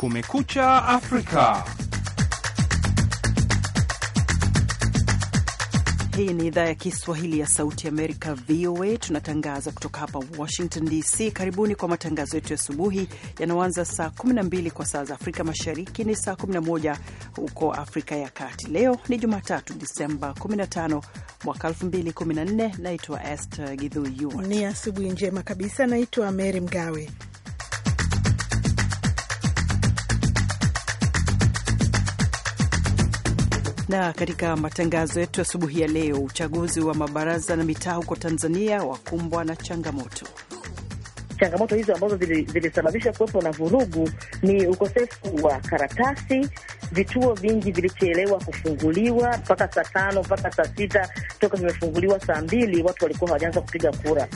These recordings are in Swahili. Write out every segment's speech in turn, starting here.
Kumekucha Afrika. Hii ni idhaa ya Kiswahili ya Sauti Amerika, VOA. Tunatangaza kutoka hapa Washington DC. Karibuni kwa matangazo yetu ya asubuhi yanaoanza saa 12 kwa saa za Afrika Mashariki, ni saa 11 huko Afrika ya Kati. Leo ni Jumatatu, Disemba 15 mwaka 2014. Naitwa Esther Githu Ni asubuhi njema kabisa. Naitwa Mary Mgawe na katika matangazo yetu asubuhi ya leo, uchaguzi wa mabaraza na mitaa huko Tanzania wakumbwa na changamoto. Changamoto hizo ambazo zilisababisha kuwepo na vurugu ni ukosefu wa karatasi. Vituo vingi vilichelewa kufunguliwa mpaka saa tano mpaka saa sita toka vimefunguliwa saa mbili, watu walikuwa hawajaanza kupiga kura.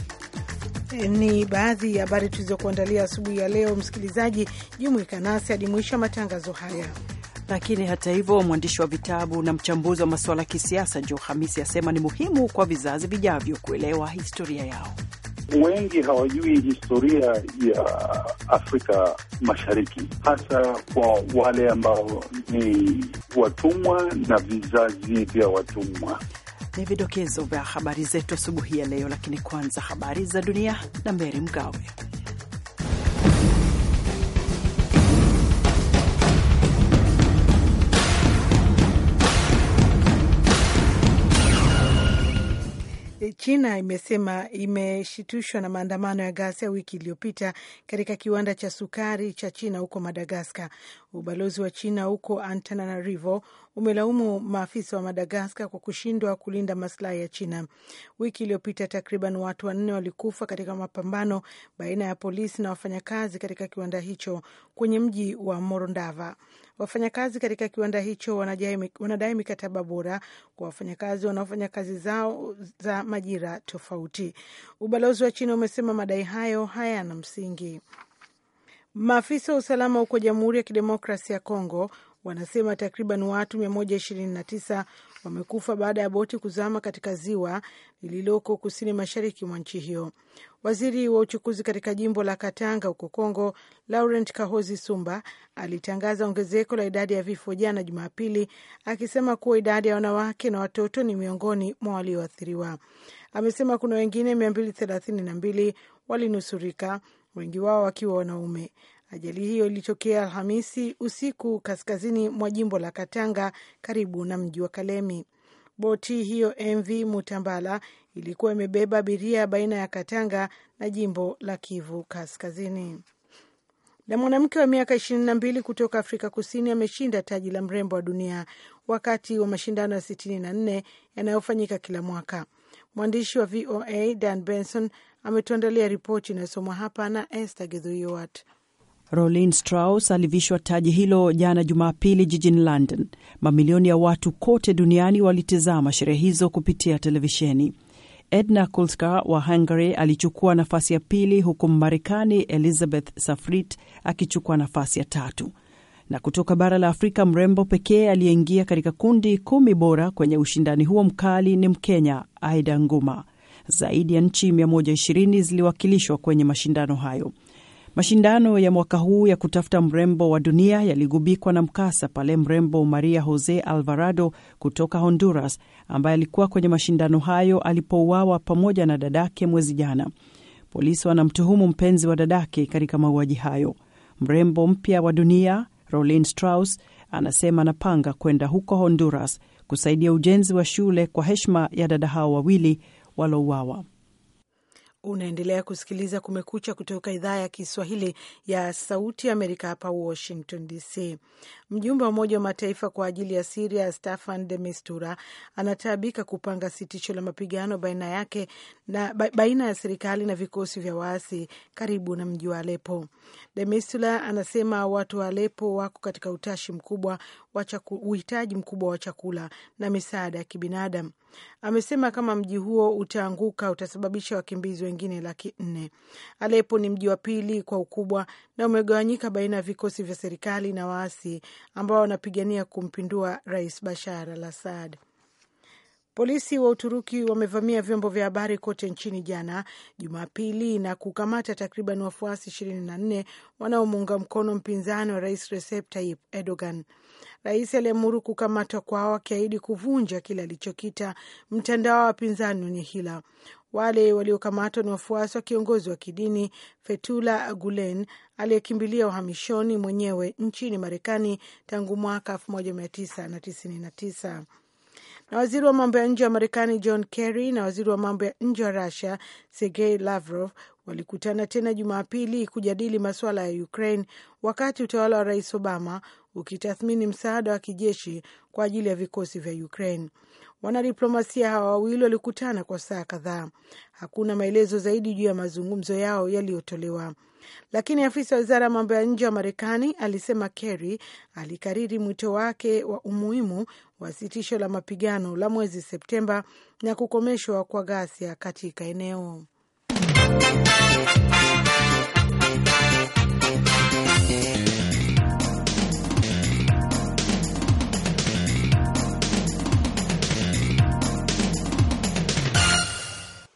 Ni baadhi ya habari tulizokuandalia asubuhi ya leo. Msikilizaji, jumuika nasi hadi mwisho wa matangazo haya. Lakini hata hivyo, mwandishi wa vitabu na mchambuzi wa masuala ya kisiasa Jo Hamisi asema ni muhimu kwa vizazi vijavyo kuelewa historia yao. Wengi hawajui historia ya Afrika Mashariki, hasa kwa wale ambao ni watumwa na vizazi vya watumwa. Ni vidokezo vya habari zetu asubuhi ya leo, lakini kwanza habari za dunia na Meri Mgawe. E, China imesema imeshitushwa na maandamano ya ghasia wiki iliyopita katika kiwanda cha sukari cha China huko Madagaskar. Ubalozi wa China huko Antananarivo umelaumu maafisa wa Madagaskar kwa kushindwa kulinda maslahi ya China. Wiki iliyopita takriban watu wanne walikufa katika mapambano baina ya polisi na wafanyakazi katika kiwanda hicho kwenye mji wa Morondava. Wafanyakazi katika kiwanda hicho wanadai, mikataba bora kwa wafanyakazi wanaofanya kazi zao za majira tofauti. Ubalozi wa China umesema madai hayo hayana msingi. Maafisa wa usalama huko Jamhuri ya Kidemokrasi ya Kongo wanasema takriban watu 129 wamekufa baada ya boti kuzama katika ziwa lililoko kusini mashariki mwa nchi hiyo. Waziri wa uchukuzi katika jimbo la Katanga huko Kongo, Laurent Kahozi Sumba, alitangaza ongezeko la idadi ya vifo jana Jumapili, akisema kuwa idadi ya wanawake na watoto ni miongoni mwa walioathiriwa. Amesema kuna wengine mbili walinusurika, wengi wao wakiwa wanaume. Ajali hiyo ilitokea Alhamisi usiku kaskazini mwa jimbo la Katanga, karibu na mji wa Kalemi. Boti hiyo MV Mutambala ilikuwa imebeba abiria baina ya Katanga na jimbo la Kivu Kaskazini. Na mwanamke wa miaka ishirini na mbili kutoka Afrika Kusini ameshinda taji la mrembo wa dunia wakati wa mashindano ya sitini na nne yanayofanyika kila mwaka. Mwandishi wa VOA Dan Benson ametuandalia ripoti inayosomwa hapa na Esther Githuiwat. Rolin Strauss alivishwa taji hilo jana Jumapili jijini London. Mamilioni ya watu kote duniani walitizama sherehe hizo kupitia televisheni. Edna Kulska wa Hungary alichukua nafasi ya pili, huku Marekani Elizabeth Safrit akichukua nafasi ya tatu. Na kutoka bara la Afrika, mrembo pekee aliyeingia katika kundi kumi bora kwenye ushindani huo mkali ni Mkenya Aida Nguma. Zaidi ya nchi 120 ziliwakilishwa kwenye mashindano hayo. Mashindano ya mwaka huu ya kutafuta mrembo wa dunia yaligubikwa na mkasa pale mrembo Maria Jose Alvarado kutoka Honduras, ambaye alikuwa kwenye mashindano hayo alipouawa pamoja na dadake mwezi jana. Polisi wanamtuhumu mpenzi wa dadake katika mauaji hayo. Mrembo mpya wa dunia Rolin Strauss anasema anapanga kwenda huko Honduras kusaidia ujenzi wa shule kwa heshima ya dada hao wawili walouawa. Unaendelea kusikiliza Kumekucha kutoka idhaa ya Kiswahili ya Sauti Amerika hapa Washington DC. Mjumbe wa Umoja wa Mataifa kwa ajili ya Siria Staffan de Mistura anataabika kupanga sitisho la mapigano baina yake na baina ya serikali na vikosi vya waasi karibu na mji wa Alepo. De Mistura anasema watu wa Alepo wako katika utashi mkubwa uhitaji mkubwa wa chakula na misaada ya kibinadamu. Amesema kama mji huo utaanguka utasababisha wakimbizi wengine laki nne. Alepo ni mji wa pili kwa ukubwa na umegawanyika baina ya vikosi vya serikali na waasi ambao wanapigania kumpindua Rais Bashar al Assad. Polisi wa Uturuki wamevamia vyombo vya habari kote nchini jana Jumapili na kukamata takriban wafuasi ishirini na nne wanaomuunga mkono mpinzani wa rais Recep Tayyip Erdogan. Rais aliamuru kukamatwa kwao akiahidi kuvunja kile alichokita mtandao wa wapinzani wenye hila. Wale waliokamatwa ni wafuasi wa kiongozi wa kidini fetula Gulen aliyekimbilia uhamishoni mwenyewe nchini Marekani tangu mwaka 1999 na waziri wa mambo ya nje wa Marekani John Kerry na waziri wa mambo ya nje wa Rusia Sergei Lavrov walikutana tena Jumapili kujadili masuala ya Ukraine wakati utawala wa Rais Obama ukitathmini msaada wa kijeshi kwa ajili ya vikosi vya Ukraine. Wanadiplomasia hawa wawili walikutana kwa saa kadhaa. Hakuna maelezo zaidi juu ya mazungumzo yao yaliyotolewa, lakini afisa wa wizara ya mambo ya nje wa Marekani alisema Kerry alikariri mwito wake wa umuhimu wa sitisho la mapigano la mwezi Septemba na kukomeshwa kwa ghasia katika eneo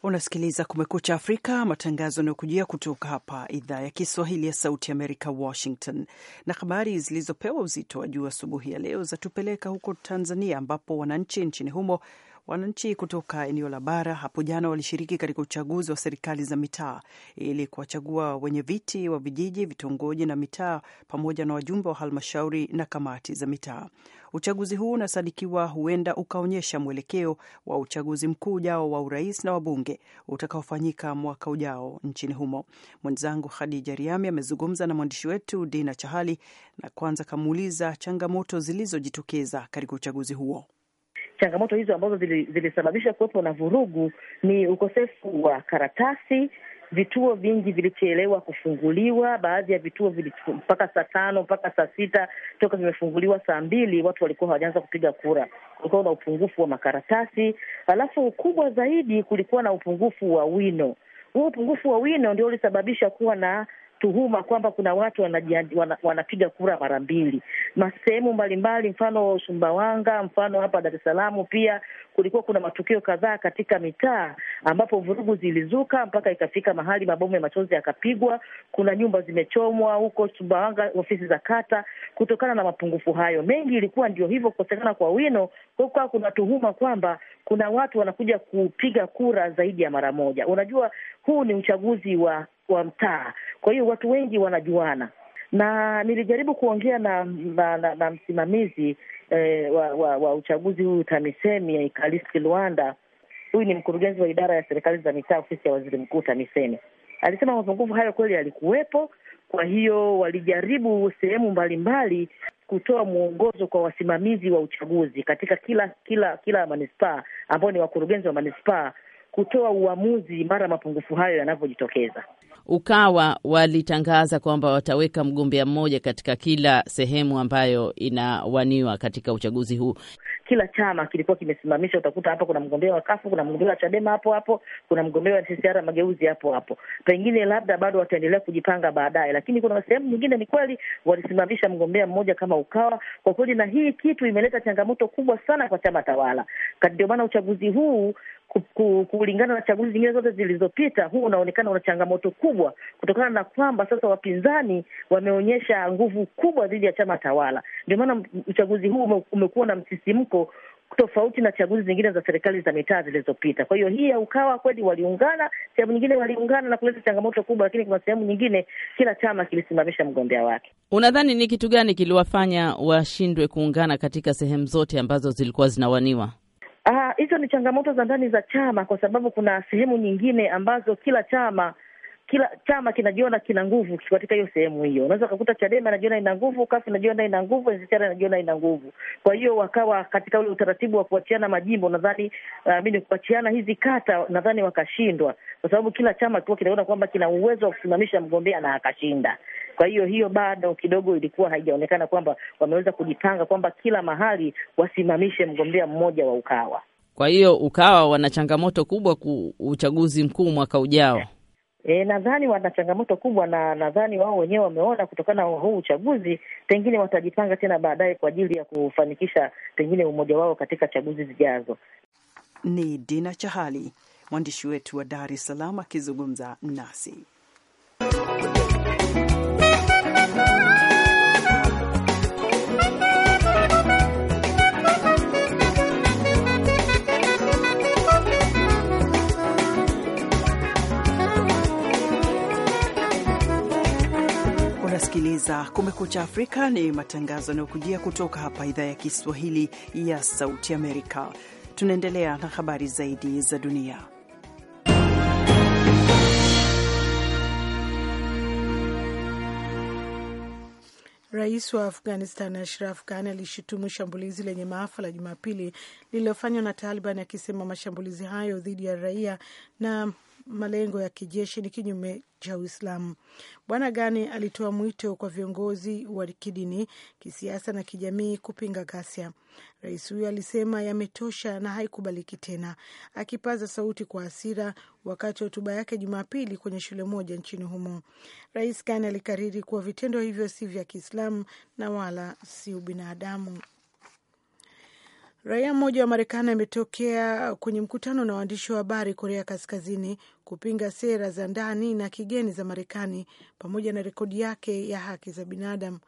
Unasikiliza Kumekucha Afrika, matangazo yanayokujia kutoka hapa idhaa ya Kiswahili ya Sauti Amerika, Washington. Na habari zilizopewa uzito wa juu asubuhi ya leo zatupeleka huko Tanzania, ambapo wananchi nchini humo Wananchi kutoka eneo la bara hapo jana walishiriki katika uchaguzi wa serikali za mitaa ili kuwachagua wenye viti wa vijiji, vitongoji na mitaa pamoja na wajumbe wa halmashauri na kamati za mitaa. Uchaguzi huu unasadikiwa huenda ukaonyesha mwelekeo wa uchaguzi mkuu ujao wa urais na wabunge utakaofanyika mwaka ujao nchini humo. Mwenzangu Khadija Riami amezungumza na mwandishi wetu Dina Chahali na kwanza kamuuliza changamoto zilizojitokeza katika uchaguzi huo changamoto hizo ambazo zilisababisha kuwepo na vurugu ni ukosefu wa karatasi. Vituo vingi vilichelewa kufunguliwa. Baadhi ya vituo mpaka saa tano mpaka saa sita toka vimefunguliwa saa mbili, watu walikuwa hawajaanza kupiga kura. Kulikuwa na upungufu wa makaratasi, alafu kubwa zaidi kulikuwa na upungufu wa wino. Huo upungufu wa wino ndio ulisababisha kuwa na tuhuma kwamba kuna watu wanapiga wana, wana kura mara mbili sehemu mbalimbali, mfano Sumbawanga, mfano hapa Dar es Salaam pia kulikuwa kuna matukio kadhaa katika mitaa ambapo vurugu zilizuka mpaka ikafika mahali mabomu ya machozi yakapigwa. Kuna nyumba zimechomwa huko Sumbawanga, ofisi za kata, kutokana na mapungufu hayo mengi. Ilikuwa ndio hivyo, kukosekana kwa wino. Kwa kuna tuhuma kwamba kuna watu wanakuja kupiga kura zaidi ya mara moja. Unajua, huu ni uchaguzi wa kwa mtaa. Kwa hiyo watu wengi wanajuana, na nilijaribu kuongea na, na, na, na msimamizi eh, wa, wa, wa uchaguzi huyu TAMISEMI Ekaristi Lwanda. Huyu ni mkurugenzi wa idara ya serikali za mitaa, ofisi ya waziri mkuu TAMISEMI. Alisema mapungufu hayo kweli yalikuwepo. Kwa hiyo walijaribu sehemu mbalimbali kutoa mwongozo kwa wasimamizi wa uchaguzi katika kila kila kila manispaa ambao ni wakurugenzi wa manispaa kutoa uamuzi mara mapungufu hayo yanavyojitokeza. Ukawa walitangaza kwamba wataweka mgombea mmoja katika kila sehemu ambayo inawaniwa katika uchaguzi huu. Kila chama kilikuwa kimesimamisha, utakuta hapa kuna mgombea wa Kafu, kuna mgombea wa Chadema hapo hapo, kuna mgombea wa CCR Mageuzi hapo hapo. Pengine labda bado wataendelea kujipanga baadaye, lakini kuna sehemu nyingine ni kweli walisimamisha mgombea mmoja kama Ukawa. Kwa kweli, na hii kitu imeleta changamoto kubwa sana kwa chama tawala, ndio maana uchaguzi huu kulingana na chaguzi zingine zote zilizopita, huu unaonekana una changamoto kubwa, kutokana na kwamba sasa wapinzani wameonyesha nguvu kubwa dhidi ya chama tawala. Ndio maana uchaguzi huu umekuwa na msisimko tofauti na chaguzi zingine za serikali za mitaa zilizopita. Kwa hiyo hii ya Ukawa kweli waliungana, sehemu nyingine waliungana na kuleta changamoto kubwa, lakini kuna sehemu nyingine kila chama kilisimamisha mgombea wake. Unadhani ni kitu gani kiliwafanya washindwe kuungana katika sehemu zote ambazo zilikuwa zinawaniwa? Ah, hizo uh, ni changamoto za ndani za chama, kwa sababu kuna sehemu nyingine ambazo kila chama kila chama kinajiona kina nguvu katika hiyo sehemu hiyo. Unaweza ukakuta Chadema inajiona ina nguvu, Kafu inajiona ina nguvu, NCCR inajiona ina nguvu. Kwa hiyo wakawa katika ule utaratibu wa kuachiana majimbo, nadhani uh, kuachiana hizi kata, nadhani wakashindwa, kwa sababu kila chama kilikuwa kinaona kwamba kina uwezo wa kusimamisha mgombea na akashinda. Kwa hiyo hiyo bado kidogo ilikuwa haijaonekana kwamba wameweza kujipanga kwamba kila mahali wasimamishe mgombea mmoja wa Ukawa. Kwa hiyo Ukawa wana changamoto kubwa ku uchaguzi mkuu mwaka ujao. E, nadhani wana changamoto kubwa, na nadhani wao wenyewe wameona kutokana na huu uchaguzi, pengine watajipanga tena baadaye kwa ajili ya kufanikisha pengine umoja wao katika chaguzi zijazo. Ni Dina Chahali mwandishi wetu wa Dar es Salaam akizungumza nasi. kusikiliza Kumekucha Afrika. Ni matangazo yanayokujia kutoka hapa idhaa ya Kiswahili ya Sauti Amerika. Tunaendelea na habari zaidi za dunia. Rais wa Afghanistan Ashraf Ghani alishutumu shambulizi lenye maafa la Jumapili lililofanywa na Taliban akisema mashambulizi hayo dhidi ya raia na malengo ya kijeshi ni kinyume cha Uislamu. Bwana Gani alitoa mwito kwa viongozi wa kidini, kisiasa na kijamii kupinga ghasia. Rais huyo alisema yametosha na haikubaliki tena, akipaza sauti kwa hasira wakati wa hotuba yake Jumapili kwenye shule moja nchini humo. Rais Gani alikariri kuwa vitendo hivyo si vya Kiislamu na wala si ubinadamu. Raia mmoja wa Marekani ametokea kwenye mkutano na waandishi wa habari Korea Kaskazini kupinga sera za ndani na kigeni za Marekani pamoja na rekodi yake ya haki za binadamu.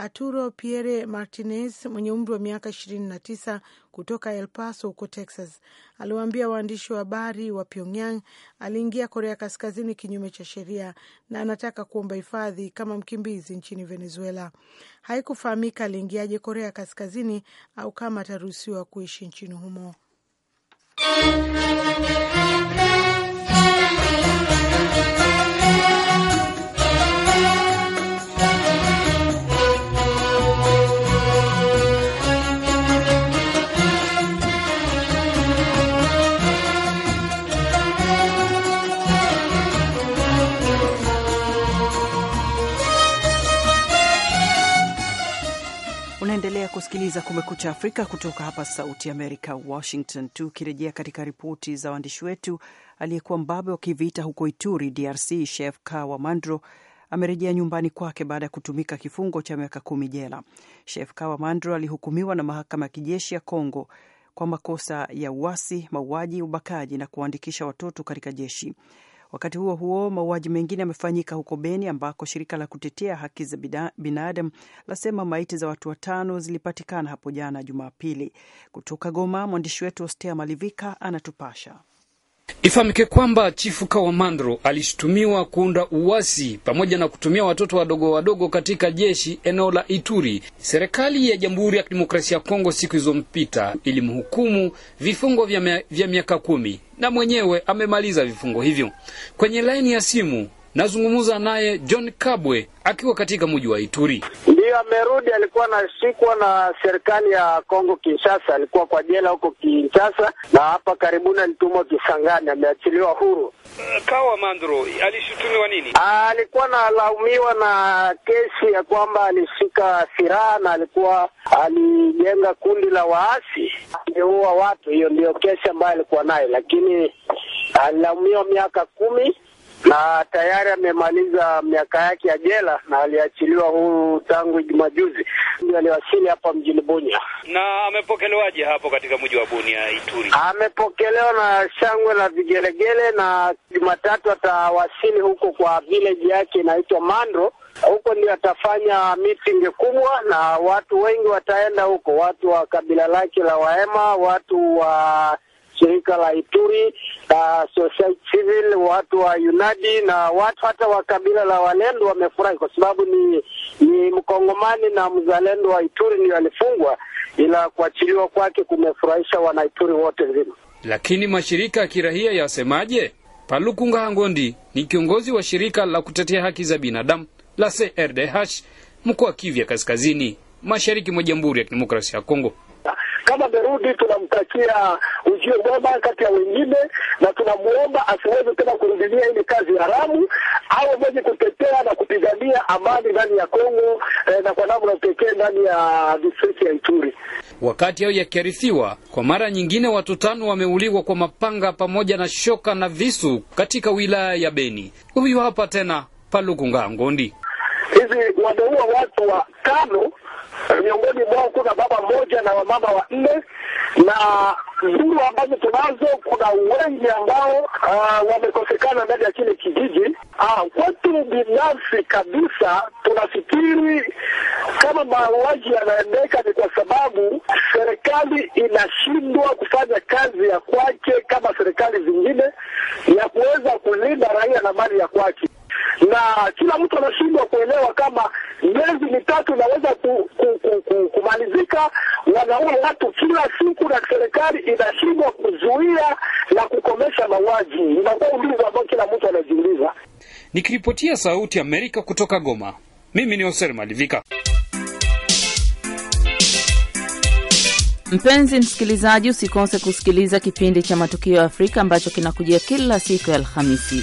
Arturo Pierre Martinez mwenye umri wa miaka 29 kutoka El Paso huko Texas aliwaambia waandishi wa habari wa Pyongyang aliingia Korea Kaskazini kinyume cha sheria na anataka kuomba hifadhi kama mkimbizi nchini Venezuela. Haikufahamika aliingiaje Korea Kaskazini au kama ataruhusiwa kuishi nchini humo. Unaendelea kusikiliza Kumekucha Afrika kutoka hapa Sauti Amerika, Washington. Tukirejea katika ripoti za waandishi wetu, aliyekuwa mbabe wa kivita huko Ituri, DRC, Chef wa Mandro amerejea nyumbani kwake baada ya kutumika kifungo cha miaka kumi jela. Chef wa Mandro alihukumiwa na mahakama ya kijeshi ya congo kwa makosa ya uasi, mauaji, ubakaji na kuwaandikisha watoto katika jeshi. Wakati huo huo, mauaji mengine yamefanyika huko Beni ambako shirika la kutetea haki za binadamu lasema maiti za watu watano zilipatikana hapo jana Jumapili. Kutoka Goma, mwandishi wetu Ostea Malivika anatupasha. Ifahamike kwamba Chifu Kawamandro alishutumiwa kuunda uasi pamoja na kutumia watoto wadogo wadogo katika jeshi eneo la Ituri. Serikali ya Jamhuri ya Kidemokrasia ya Kongo siku zilizopita ilimhukumu vifungo vya miaka kumi na mwenyewe amemaliza vifungo hivyo. Kwenye laini ya simu nazungumza naye John Kabwe akiwa katika mji wa Ituri. Ndiyo, amerudi. Alikuwa anashikwa na serikali ya Kongo Kinshasa, alikuwa kwa jela huko Kinshasa na hapa karibuni alitumwa Kisangani, ameachiliwa huru. Eh, Kawa Mandro alishutumiwa nini? Ah, alikuwa analaumiwa na kesi ya kwamba alishika silaha na alikuwa alijenga kundi la waasi, aliua watu. Hiyo ndiyo kesi ambayo alikuwa nayo, lakini alilaumiwa miaka kumi na tayari amemaliza miaka yake ya jela na aliachiliwa huu tangu Jumajuzi. Ndio aliwasili hapa mjini Bunia. Na amepokelewaje hapo katika mji wa Bunia, Ituri? Amepokelewa na shangwe na vigelegele, na Jumatatu atawasili huko kwa village yake inaitwa Mando. Huko ndio atafanya meeting kubwa, na watu wengi wataenda huko, watu wa kabila lake la Waema, watu wa shirika la Ituri uh, society civil, watu wa Unadi na watu hata wa kabila la walendo wamefurahi kwa sababu ni, ni mkongomani na mzalendo wa Ituri ndio alifungwa, ila kuachiliwa kwake kumefurahisha wanaituri wote nzima. Lakini mashirika ya kirahia yasemaje? Palukunga Hangondi ni kiongozi wa shirika la kutetea haki za binadamu la CRDH mkoa wa Kivu ya Kaskazini, mashariki mwa Jamhuri ya Kidemokrasia ya Kongo. Kama amerudi, tunamtakia ujio mwema kati ya wengine, na tunamwomba asiweze tena kurudilia ile kazi haramu, au mwenye kutetea na kupigania amani ndani ya Kongo eh, na kwa namna pekee ndani ya distrikti ya Ituri. Wakati hayo yakiarithiwa, kwa mara nyingine watu tano wameuliwa kwa mapanga pamoja na shoka na visu katika wilaya ya Beni. Huyu hapa tena Paluku Ngaa Ngondi hizi wameua watu wa tano, miongoni mwao kuna baba mmoja na wamama wa nne na duru ambazo tunazo, kuna wengi ambao uh, wamekosekana ndani ya kile kijiji. Ah, kwetu binafsi kabisa tunafikiri kama mauaji yanaendeka ni kwa sababu serikali inashindwa kufanya kazi ya kwake kama serikali zingine ya kuweza kulinda raia na mali ya kwake na kila mtu anashindwa kuelewa kama miezi mitatu inaweza ku, ku, ku, ku, kumalizika. Wanaua watu kila siku na serikali inashindwa kuzuia na kukomesha mauaji. Inakuwa ulizo ambao kila mtu anajiuliza. Nikiripotia Sauti Amerika kutoka Goma, mimi ni Hoser Malivika. Mpenzi msikilizaji, usikose kusikiliza kipindi cha Matukio ya Afrika ambacho kinakujia kila siku ya Alhamisi.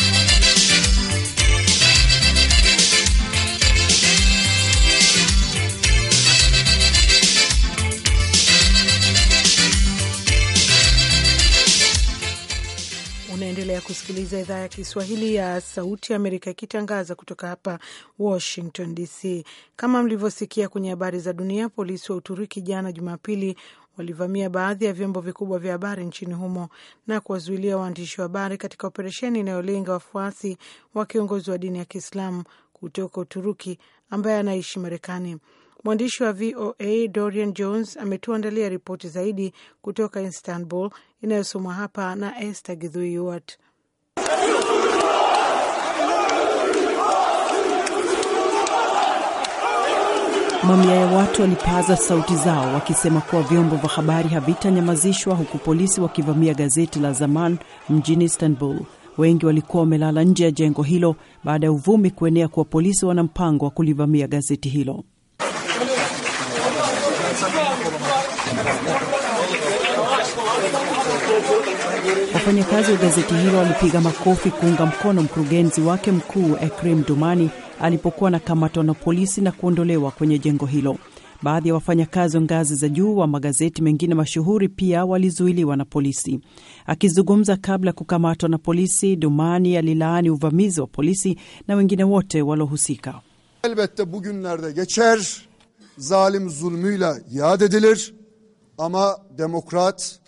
Unaendelea kusikiliza idhaa ya Kiswahili ya Sauti ya Amerika ikitangaza kutoka hapa Washington DC. Kama mlivyosikia kwenye habari za dunia, polisi wa Uturuki jana Jumapili walivamia baadhi ya vyombo vikubwa vya habari nchini humo na kuwazuilia waandishi wa habari katika operesheni inayolenga wafuasi wa kiongozi wa dini ya Kiislamu kutoka Uturuki ambaye anaishi Marekani. Mwandishi wa VOA Dorian Jones ametuandalia ripoti zaidi kutoka Istanbul inayosomwa hapa na Esther Githui Mamia ya watu walipaza sauti zao wakisema kuwa vyombo vya habari havitanyamazishwa, huku polisi wakivamia gazeti la Zaman mjini Istanbul. Wengi walikuwa wamelala nje ya jengo hilo baada ya uvumi kuenea kuwa polisi wana mpango wa kulivamia gazeti hilo. Wafanyakazi wa gazeti hilo walipiga makofi kuunga mkono mkurugenzi wake mkuu Ekrem Dumani alipokuwa anakamatwa na polisi na kuondolewa kwenye jengo hilo. Baadhi ya wafanyakazi wa ngazi za juu wa magazeti mengine mashuhuri pia walizuiliwa na polisi. Akizungumza kabla ya kukamatwa na polisi, Dumani alilaani uvamizi wa polisi na wengine wote walohusika. Elbette bugunlerde geçer zalim zulmüyle yad edilir ama demokrat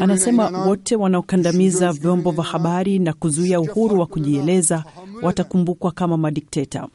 Anasema wote wanaokandamiza vyombo vya habari na kuzuia uhuru wa kujieleza watakumbukwa kama madikteta.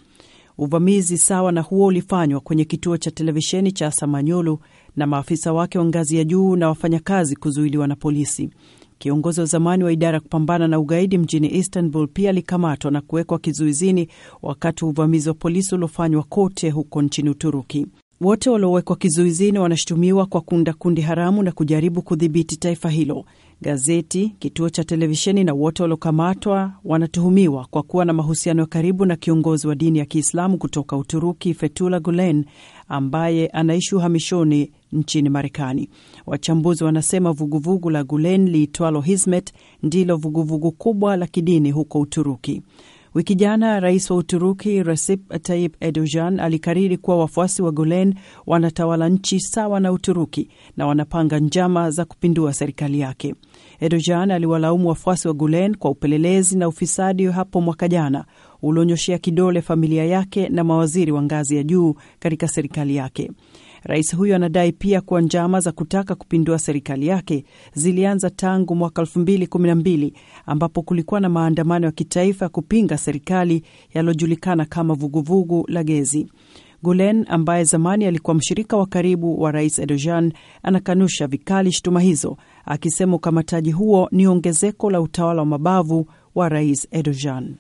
Uvamizi sawa na huo ulifanywa kwenye kituo cha televisheni cha Samanyolu na maafisa wake wa ngazi ya juu na wafanyakazi kuzuiliwa na polisi. Kiongozi wa zamani wa idara ya kupambana na ugaidi mjini Istanbul pia alikamatwa na kuwekwa kizuizini wakati wa uvamizi wa polisi uliofanywa kote huko nchini Uturuki. Wote waliowekwa kizuizini wanashutumiwa kwa kunda kundi haramu na kujaribu kudhibiti taifa hilo. Gazeti, kituo cha televisheni na wote waliokamatwa wanatuhumiwa kwa kuwa na mahusiano ya karibu na kiongozi wa dini ya Kiislamu kutoka Uturuki, Fethullah Gulen, ambaye anaishi uhamishoni nchini Marekani. Wachambuzi wanasema vuguvugu la Gulen liitwalo Hizmet ndilo vuguvugu kubwa la kidini huko Uturuki. Wiki jana rais wa Uturuki Recep Tayyip Erdogan alikariri kuwa wafuasi wa Gulen wanatawala nchi sawa na Uturuki na wanapanga njama za kupindua serikali yake. Erdogan aliwalaumu wafuasi wa Gulen kwa upelelezi na ufisadi hapo mwaka jana ulionyoshea kidole familia yake na mawaziri wa ngazi ya juu katika serikali yake. Rais huyo anadai pia kuwa njama za kutaka kupindua serikali yake zilianza tangu mwaka 2012 ambapo kulikuwa na maandamano ya kitaifa ya kupinga serikali yaliyojulikana kama vuguvugu vugu la Gezi. Gulen ambaye zamani alikuwa mshirika wa karibu wa rais Erdogan anakanusha vikali shutuma hizo, akisema ukamataji huo ni ongezeko la utawala wa mabavu wa rais Erdogan.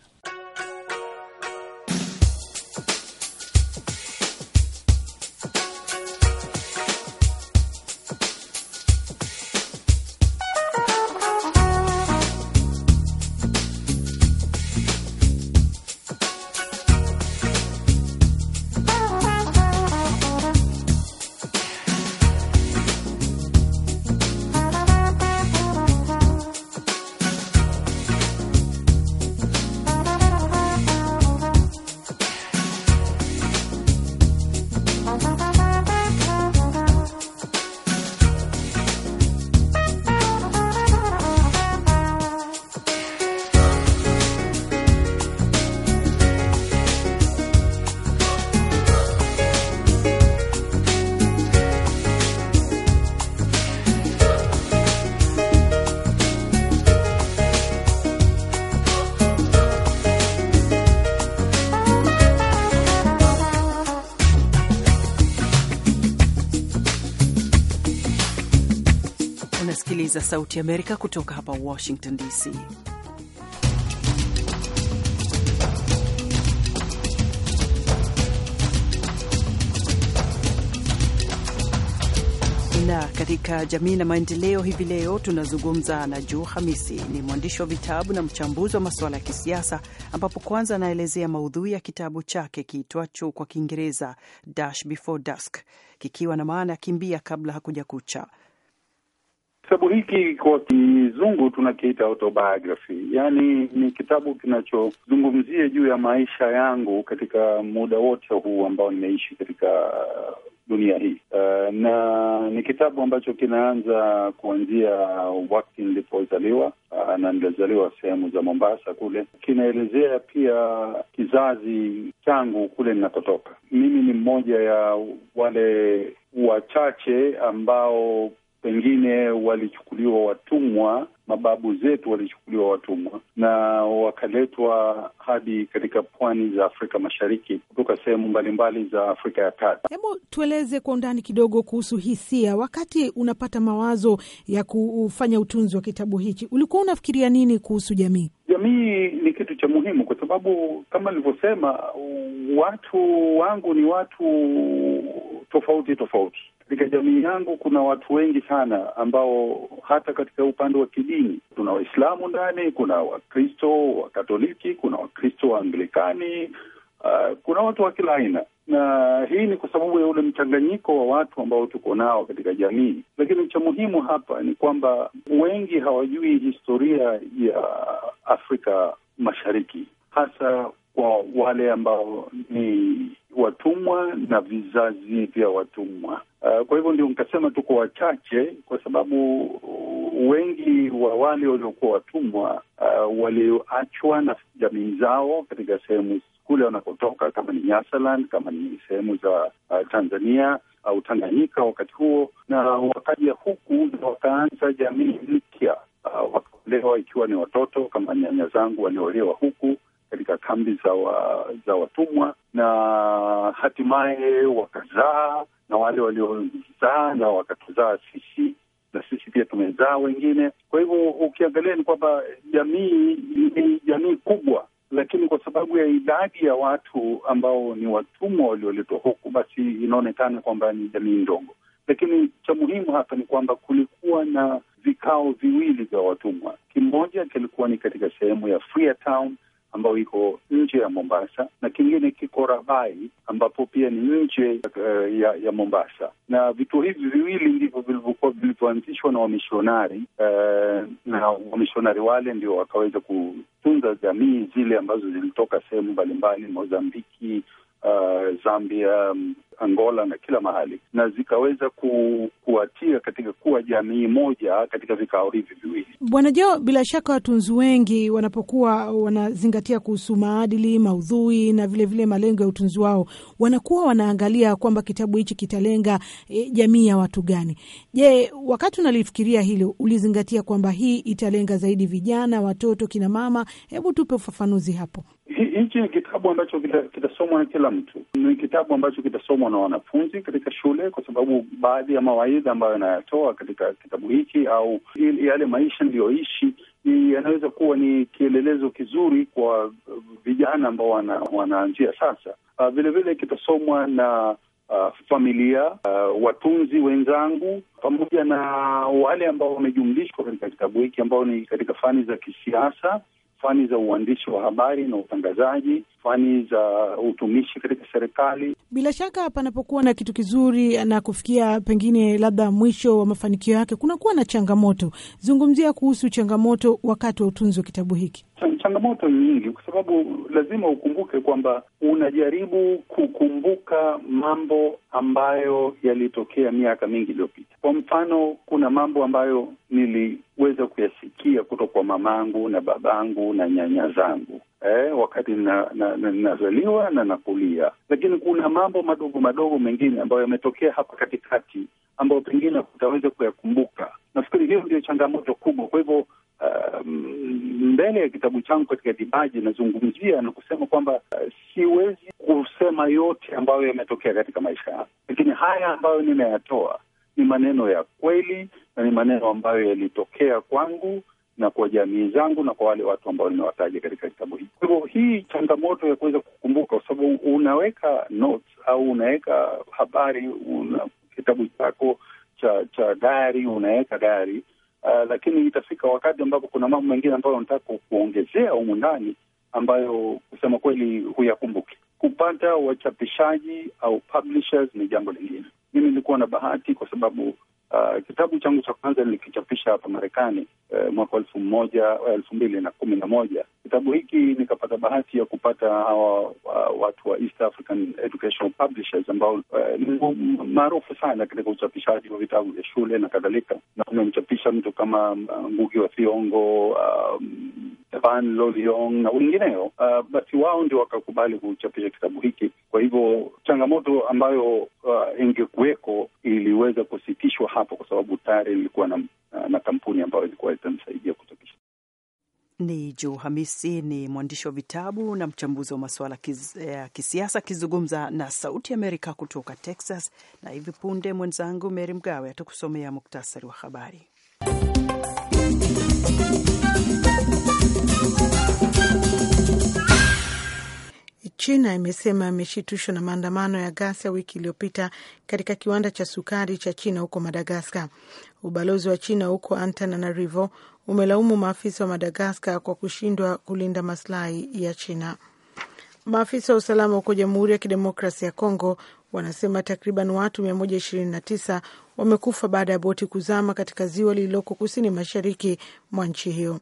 kusikiliza Sauti Amerika kutoka hapa Washington DC. Na katika jamii na maendeleo hivi leo tunazungumza na Juu Hamisi, ni mwandishi wa vitabu na mchambuzi wa masuala ya kisiasa, ambapo kwanza anaelezea maudhui ya kitabu chake kiitwacho kwa Kiingereza Dash Before Dusk, kikiwa na maana ya kimbia kabla hakuja kucha. Kitabu hiki kwa kizungu tunakiita autobiography, yani ni kitabu kinachozungumzia juu ya maisha yangu katika muda wote huu ambao nimeishi katika uh, dunia hii uh, na ni kitabu ambacho kinaanza kuanzia wakati nilipozaliwa uh, na nilizaliwa sehemu za Mombasa kule. Kinaelezea pia kizazi changu kule ninapotoka Mimi ni mmoja ya wale wachache ambao pengine walichukuliwa watumwa, mababu zetu walichukuliwa watumwa na wakaletwa hadi katika pwani za Afrika Mashariki kutoka sehemu mbalimbali za Afrika ya Kati. Hebu tueleze kwa undani kidogo kuhusu hisia, wakati unapata mawazo ya kufanya utunzi wa kitabu hiki, ulikuwa unafikiria nini kuhusu jamii? Jamii ni kitu cha muhimu kwa sababu kama nilivyosema, watu wangu ni watu tofauti tofauti. Katika jamii yangu kuna watu wengi sana ambao hata katika upande wa kidini, tuna Waislamu ndani, kuna Wakristo wa Katoliki, kuna Wakristo wa Anglikani, uh, kuna watu wa kila aina na hii ni kwa sababu ya ule mchanganyiko wa watu ambao tuko nao katika jamii. Lakini cha muhimu hapa ni kwamba wengi hawajui historia ya Afrika Mashariki, hasa kwa wale ambao ni watumwa na vizazi vya watumwa. Uh, kwa hivyo ndio nikasema tuko wachache, kwa sababu wengi wa wale waliokuwa watumwa uh, walioachwa na jamii zao katika sehemu kule wanakotoka, kama ni Nyasaland, kama ni sehemu za uh, Tanzania au Tanganyika wakati huo, na wakaja huku na wakaanza jamii mpya uh, wakaolewa, ikiwa ni watoto kama nyanya zangu waliolewa huku katika kambi za wa, za watumwa na hatimaye wakazaa, na wale waliozaa na wakatuzaa sisi na sisi pia tumezaa wengine. Kwa hivyo ukiangalia ni kwamba jamii ni jamii kubwa lakini kwa sababu ya idadi ya watu ambao ni watumwa walioletwa huku, basi inaonekana kwamba ni jamii ndogo. Lakini cha muhimu hapa ni kwamba kulikuwa na vikao viwili vya watumwa, kimoja kilikuwa ni katika sehemu ya Freetown ambayo iko nje ya Mombasa na kingine kiko Rabai ambapo pia ni nje uh, ya, ya Mombasa. Na vituo hivi viwili ndivyo vilivyokuwa vilivyoanzishwa na wamishonari uh, na wamishonari wale ndio wakaweza kutunza jamii zile ambazo zilitoka sehemu mbalimbali Mozambiki, uh, Zambia, Angola na kila mahali, na zikaweza ku, kuatia katika kuwa jamii moja katika vikao hivi viwili. Bwana Jo, bila shaka watunzi wengi wanapokuwa wanazingatia kuhusu maadili, maudhui na vilevile vile malengo ya utunzi wao, wanakuwa wanaangalia kwamba kitabu hichi kitalenga e, jamii ya watu gani? Je, wakati unalifikiria hilo ulizingatia kwamba hii italenga zaidi vijana, watoto, kina mama? Hebu tupe ufafanuzi hapo. Hichi ni kitabu ambacho kitasomwa kita na kila mtu, ni kitabu ambacho kitasomwa na wanafunzi katika shule, kwa sababu baadhi ya mawaidha ambayo yanayatoa katika kitabu hiki au yale maisha niliyoishi yanaweza kuwa ni kielelezo kizuri kwa vijana ambao wanaanzia wana sasa. vilevile ah, kitasomwa na Uh, familia uh, watunzi wenzangu pamoja na wale ambao wamejumlishwa katika kitabu hiki ambao ni katika fani za kisiasa fani za uandishi wa habari na utangazaji, fani za utumishi katika serikali. Bila shaka, panapokuwa na kitu kizuri na kufikia pengine labda mwisho wa mafanikio yake, kunakuwa na changamoto. Zungumzia kuhusu changamoto wakati wa utunzi wa kitabu hiki. Changamoto nyingi, kwa sababu lazima ukumbuke kwamba unajaribu kukumbuka mambo ambayo yalitokea miaka mingi iliyopita. Kwa mfano, kuna mambo ambayo niliweza kuyasikia kutoka kwa mamangu na babangu na nyanya zangu eh, wakati ninazaliwa na, na, na nakulia. Lakini kuna mambo madogo madogo mengine ambayo yametokea hapa katikati ambayo pengine utaweza kuyakumbuka. Nafikiri hiyo ndio changamoto kubwa. Kwa hivyo uh, mbele ya kitabu changu katika Dibaji nazungumzia na kusema kwamba uh, siwezi kusema yote ambayo yametokea katika maisha yangu, lakini haya ambayo ninayatoa ni maneno ya kweli na ni maneno ambayo yalitokea kwangu na kwa jamii zangu na kwa wale watu ambao nimewataja katika kitabu hiki. Kwa hivyo hii changamoto ya kuweza kukumbuka, kwa sababu unaweka notes au unaweka habari, una kitabu chako cha cha dari, unaweka dari uh, lakini itafika wakati ambapo kuna mambo mengine ambayo unataka kuongezea humu ndani ambayo kusema kweli huyakumbuki. Kupata wachapishaji au publishers ni jambo lingine. Mimi nilikuwa na bahati kwa sababu Uh, kitabu changu cha kwanza nilikichapisha hapa Marekani uh, mwaka elfu moja uh, elfu mbili na kumi na moja. Kitabu hiki nikapata bahati ya kupata hawa uh, watu wa East African Educational Publishers ambao uh, ni maarufu sana katika uchapishaji wa vitabu vya shule na kadhalika, na umemchapisha mtu kama uh, Ngugi wa Thiongo uh, Stefan Lolion na wengineo uh, basi wao ndio wakakubali kuchapisha kitabu hiki. Kwa hivyo changamoto ambayo uh, ingekuweko iliweza kusitishwa hapo, kwa sababu tayari ilikuwa na, uh, na kampuni ambayo ilikuwa itamsaidia kuchapisha. Ni Juu Hamisi, ni mwandishi wa vitabu na mchambuzi wa masuala ya kisiasa akizungumza na Sauti Amerika kutoka Texas, na hivi punde mwenzangu Meri Mgawe atakusomea muktasari wa habari. China imesema imeshitushwa na maandamano ya ghasia wiki iliyopita katika kiwanda cha sukari cha China huko Madagaskar. Ubalozi wa China huko Antananarivo umelaumu maafisa wa Madagaskar kwa kushindwa kulinda maslahi ya China. Maafisa wa usalama huko Jamhuri ya kidemokrasi ya Kongo wanasema takriban watu 129 wamekufa baada ya boti kuzama katika ziwa lililoko kusini mashariki mwa nchi hiyo.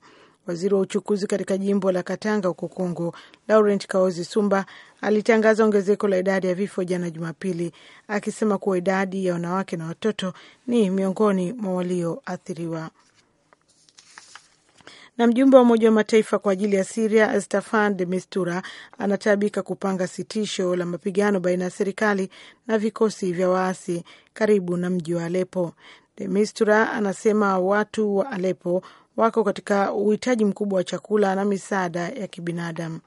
Waziri wa uchukuzi katika jimbo la Katanga huko Kongo, Laurent Kaozi Sumba alitangaza ongezeko la idadi ya vifo jana Jumapili, akisema kuwa idadi ya wanawake na watoto ni miongoni mwa walioathiriwa. Na mjumbe wa Umoja wa Mataifa kwa ajili ya Siria Stefan de Mistura anataabika kupanga sitisho la mapigano baina ya serikali na vikosi vya waasi karibu na mji wa Alepo. De Mistura anasema watu wa Alepo wako katika uhitaji mkubwa wa chakula na misaada ya kibinadamu.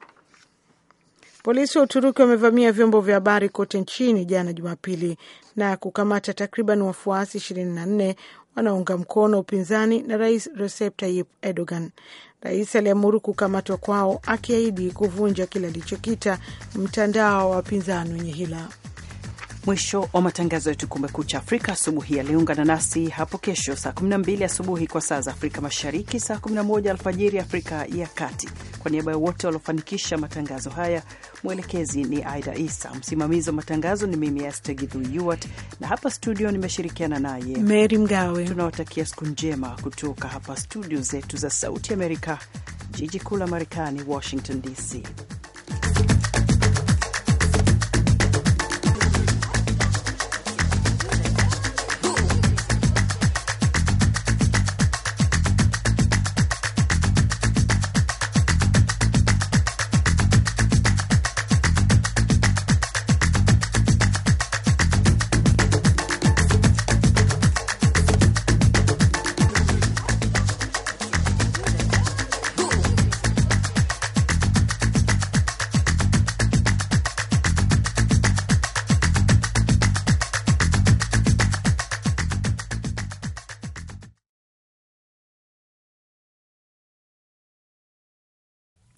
Polisi wa Uturuki wamevamia vyombo vya habari kote nchini jana Jumapili na kukamata takriban wafuasi 24 wanaunga mkono upinzani na Rais Recep Tayyip Erdogan. Rais aliamuru kukamatwa kwao akiahidi kuvunja kile alichokita mtandao wa wapinzani wenye hila. Mwisho wa matangazo yetu Kumekucha Afrika asubuhi ya leo. Ungana nasi hapo kesho saa 12 asubuhi kwa saa za Afrika Mashariki, saa 11 alfajiri Afrika ya Kati. Kwa niaba ya wote waliofanikisha matangazo haya, mwelekezi ni Aida Isa, msimamizi wa matangazo ni mimi Astegidhu Yuwat, na hapa studio nimeshirikiana naye Meri Mgawe. Tunawatakia siku njema kutoka hapa studio zetu za Sauti Amerika, jiji kuu la Marekani, Washington DC.